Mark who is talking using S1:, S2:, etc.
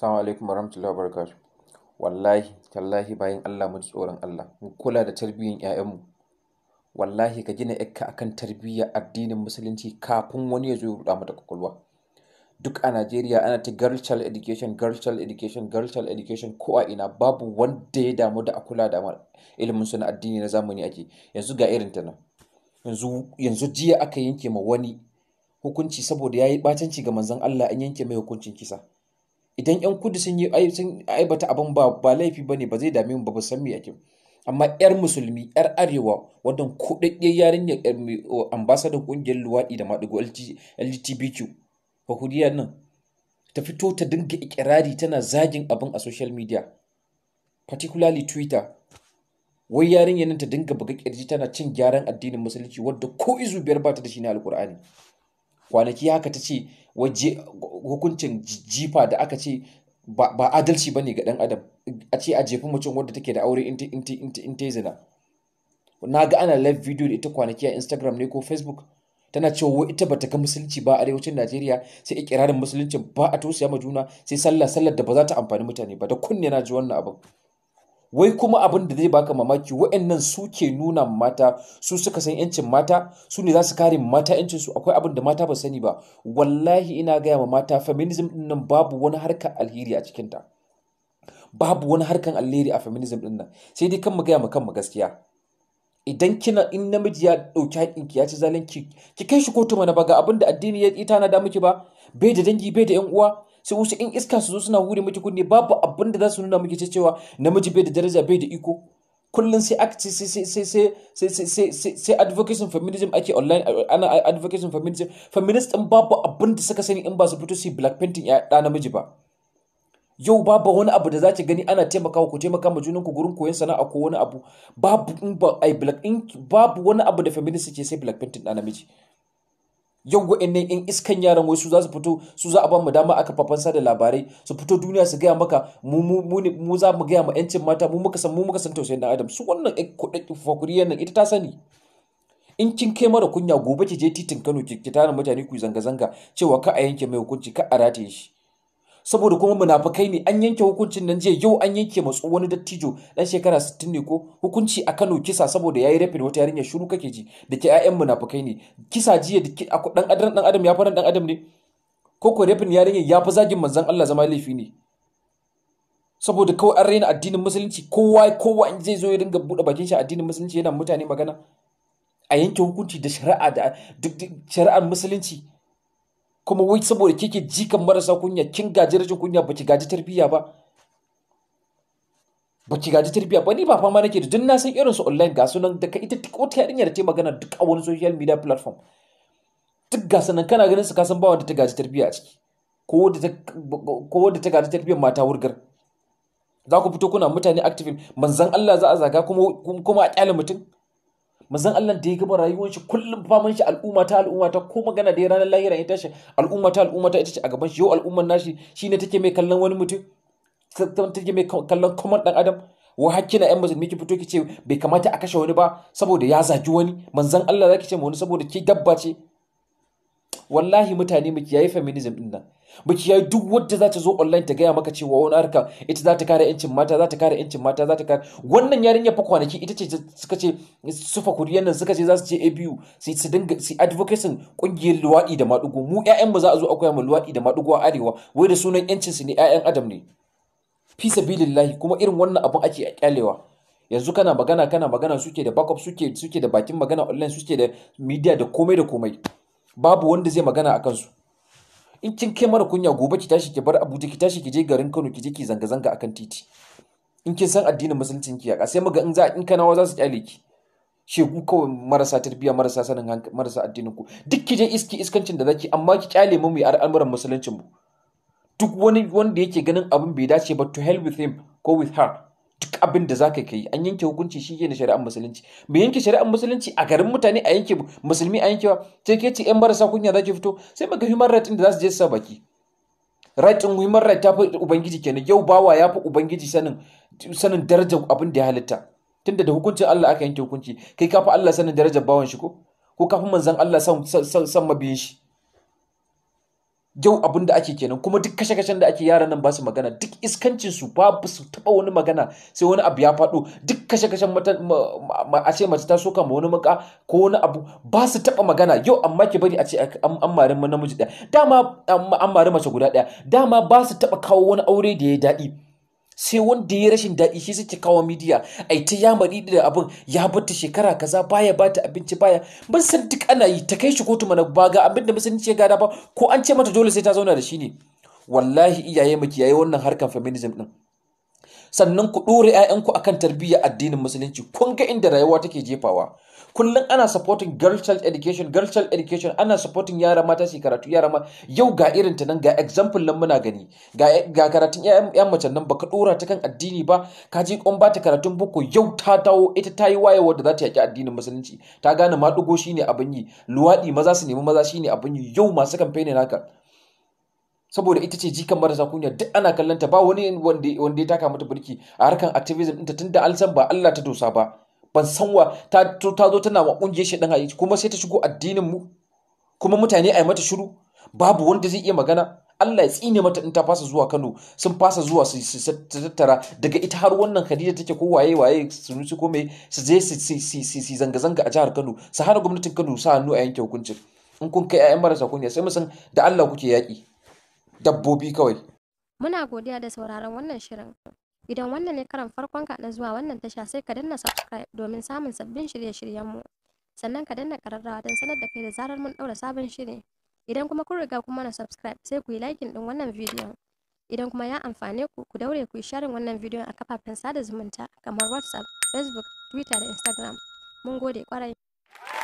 S1: Salamu alaikum wa wa wabarakatuh. Wallahi, tallahi bayan Allah mu tsoron Allah. Mu kula da tarbiyyar ƴaƴanmu. Wallahi ka gina ƴakka akan tarbiyyar addinin musulunci kafin wani ya zo ya ruɗa mata kwakwalwa. Duk a Najeriya ana ta girl child education, girl child education, girl child education ko a ina babu wanda ya damu da a kula da ilimin suna addini na zamani ake. Yanzu ga irin ta nan. Yanzu jiya aka yanke ma wani hukunci saboda ya yi batanci ga manzon Allah an yanke mai hukuncin kisa. idan yan kudu sun yi aibata abin ba ba laifi ba zai dami ba ba san me yake amma yar musulmi yar arewa wannan kudaddiyar yarinya ambasadar kungiyar luwadi da maɗigo LGBTQ fahudiyar nan ta fito ta dinga ikirari tana zagin abin a social media particularly twitter wai yarinyar nan ta dinga buga kirji tana cin gyaran addinin musulunci wadda ko izu biyar ba ta da shi na alkur'ani kwanaki haka ta ce hukuncin jifa da aka ce ba adalci ba ne ga ɗan adam a ce a jefi mutum wadda take da aure in ta zina na ga ana live video da ita kwanaki a instagram ne ko facebook tana cewa ita ba ta ga musulunci ba a arewacin najeriya sai ikirarin musulunci ba a tosiya ma juna sai sallah sallar da ba za ta amfani mutane ba da kunne na ji wannan abin wai kuma abin da zai baka mamaki wa'annan su ke nuna mata su suka san yancin mata su ne za su kare mata yancin su akwai abin da mata ba sani ba wallahi ina gaya ma mata feminism din nan babu wani harkar alheri a cikinta babu wani harkar alheri a feminism din nan sai dai kan mu gaya ma kan mu gaskiya idan kina in namiji ya dauki haƙinki ya ci zalunci ki kai shi kotu mana ba ga abin da addini ya ita na da miki ba bai da dangi bai da yan uwa sai wasu in iska su zo suna hure miki kunne babu abin da za su nuna miki cewa namiji bai da daraja bai da iko kullum sai aka ce sai advocation feminism ake online ana advocation feminism feminist din babu abin da suka sani in ba su fito su black painting ya da namiji ba yau babu wani abu da za ki gani ana taimakawa ku taimaka ma junan ku gurin koyon sana'a ko wani abu babu in ba ai black in babu wani abu da feminist ke sai black painting da namiji yau waɗannan yan iskan yaran wasu su za su fito su za a ba mu dama aka sa da labarai su fito duniya su gaya maka mu za mu gaya ma yancin mata mu muka san muka san tausayin dan adam su wannan kudaddin fakuriyar nan ita ta sani in kin kai mara kunya gobe ki je titin Kano ki tara mutane ku zanga zanga cewa ka a yanke mai hukunci ka a rataye shi saboda kuma munafukai ne an yanke hukuncin nan jiya yau an yanke matsu wani dattijo dan shekara 60 ne ko hukunci a Kano kisa saboda yayi rafin wata yarinya shiru kake ji da ke ƴaƴan munafukai ne kisa jiya da dan adam dan adam ya fara dan adam ne ko ko rafin yarinya ya fi zagin manzon Allah zama laifi ne saboda kawai an raina addinin musulunci kowa kowa in zai zo ya dinga bude bakin shi addinin musulunci yana mutane magana a yanke hukunci da shari'a da shari'ar musulunci kuma wai saboda kike jikan marasa kunya kin gaji rashin kunya baki gaji tarbiyya ba baki gaji tarbiyya ba ni ba fama nake da duk na san irin su online ga sunan da ka ita duk wata yarinya da ta magana duk a wani social media platform duk ga sunan kana ganin su ka san ba wanda ta gaji tarbiyya a ciki ko wanda ta gaji tarbiyyar mata wurgar za ku fito kuna mutane active manzan Allah za a zaga kuma a kyale mutum manzon Allah da ya gaba rayuwar shi kullum faman shi al'umma ta al'umma ta ko magana da ranar lahira ita ce al'umma ta al'umma ta ita ce a gaban shi yau al'umman nashi shine take mai kallon wani mutum take mai kallon kamar dan adam wa hakkina yan musulmi ki fito ki ce bai kamata a kashe wani ba saboda ya zagi wani manzon Allah zaki ce ma wani saboda ki dabba ce wallahi mutane mu kiyaye feminism din nan mu kiyaye duk wadda za ta zo online ta gaya maka cewa wani harka ita za ta kare yancin mata za ta kare yancin mata za ta kare wannan yarinya fa kwanaki ita ce suka ce sufa kuriyan nan suka ce za su ce ABU su su dinga su advocacy kungiyar luwadi da madugo mu ƴaƴan mu za a zo akwai mu luwadi da madugo a arewa wai da sunan yancin su ne ƴaƴan adam ne fi sabilillahi kuma irin wannan abun ake a kyalewa yanzu kana magana kana magana suke da backup suke suke da bakin magana online suke da media da komai da komai babu wanda zai magana a kansu in kin kai mara kunya gobe ki tashi ki bar abuja ki tashi ki je garin kano ki je ki zanga zanga akan titi in kin san addinin musulunci ki yaka sai muga in za in kanawa za su kyale ki shegu kawai marasa tarbiyya marasa sanin marasa addinin ku duk ki je iski iskancin da zaki amma ki kyale mu mu al'amuran musuluncin mu duk wani wanda yake ganin abin bai dace ba to hell with him ko with her duk abin da zaka kai an yanke hukunci shi na shari'ar musulunci mu yanke shari'ar musulunci a garin mutane a yanke musulmi a yankewa sai ke ce yan marasa kunya zaki fito sai maka human right da za su je sa baki right in human right ta fi ubangiji kenan yau bawa ya fi ubangiji sanin sanin darajar abin da ya halitta tunda da hukuncin Allah aka yanke hukunci kai ka fi Allah sanin darajar bawan shi ko ko ka fi manzon Allah san san mabiyin shi yau abin da ake kenan kuma duk kashe-kashen da ake yaran nan ba su magana duk iskancin su babu su taba wani magana sai wani abu ya faɗo duk kashe-kashen a ce mace ta soka ma wani maka ko wani abu ba su taba magana yau amma ki bari a ce an mari namiji ɗaya dama an mari mace guda ɗaya dama ba su taba kawo wani aure da ya daɗi sai wanda ya rashin daɗi shi suke kawo midiya a ita ya mari da abin ya bata shekara kaza baya bata abinci baya ban san duk ana yi ta kai shi kotu mana ba ga abin da musulunci ya gada ba ko an ce mata dole sai ta zauna da shi ne wallahi iyaye mu kiyaye wannan harkan feminism din sannan ku ɗora 'ya'yanku akan tarbiyyar addinin musulunci kun ga inda rayuwa take jefawa kullum ana supporting girl child education girl child education ana supporting yara mata su karatu yara ma yau ga irin ta nan ga example nan muna gani ga karatun yan mace nan baka dora ta kan addini ba ka je kon ba ta karatun boko yau ta dawo ita ta yi wayewa da za ta yaki addinin musulunci ta gane dugo shine abin yi luwadi maza su nemi maza shine abin yi yau masu campaign naka saboda ita ce jikan marasa kunya duk ana kallonta, ba wani wanda ya taka mata birki a harkan activism ɗinta tunda an san ba Allah ta dosa ba ban san wa ta zo tana wa kungiyar shedan hayi kuma sai ta shigo addinin mu kuma mutane a yi mata shiru babu wanda zai iya magana Allah ya tsine mata in ta fasa zuwa Kano sun fasa zuwa su tattara daga ita har wannan Khadija take ko waye waye su nusi ko mai su je su zanga zanga a jihar Kano su hana gwamnatin Kano sa hannu a yanke hukuncin in kun kai 'ya'yan marasa kunya sai mu san da Allah kuke yaki dabbobi kawai muna godiya da sauraron wannan shirin Idan wannan ne karan farkonka na zuwa wannan tasha sai ka danna subscribe domin samun sabbin shirye-shiryenmu. Sannan ka danna ƙararrawa don sanar da kai da zarar mun ɗaura sabon shiri. Idan kuma kun riga kun mana subscribe sai ku yi likin ɗin wannan bidiyon. Idan kuma ya amfane ku, ku daure ku yi sharing wannan bidiyon a kafafen sada zumunta kamar WhatsApp, Facebook, Twitter da Instagram. Mun gode kwarai.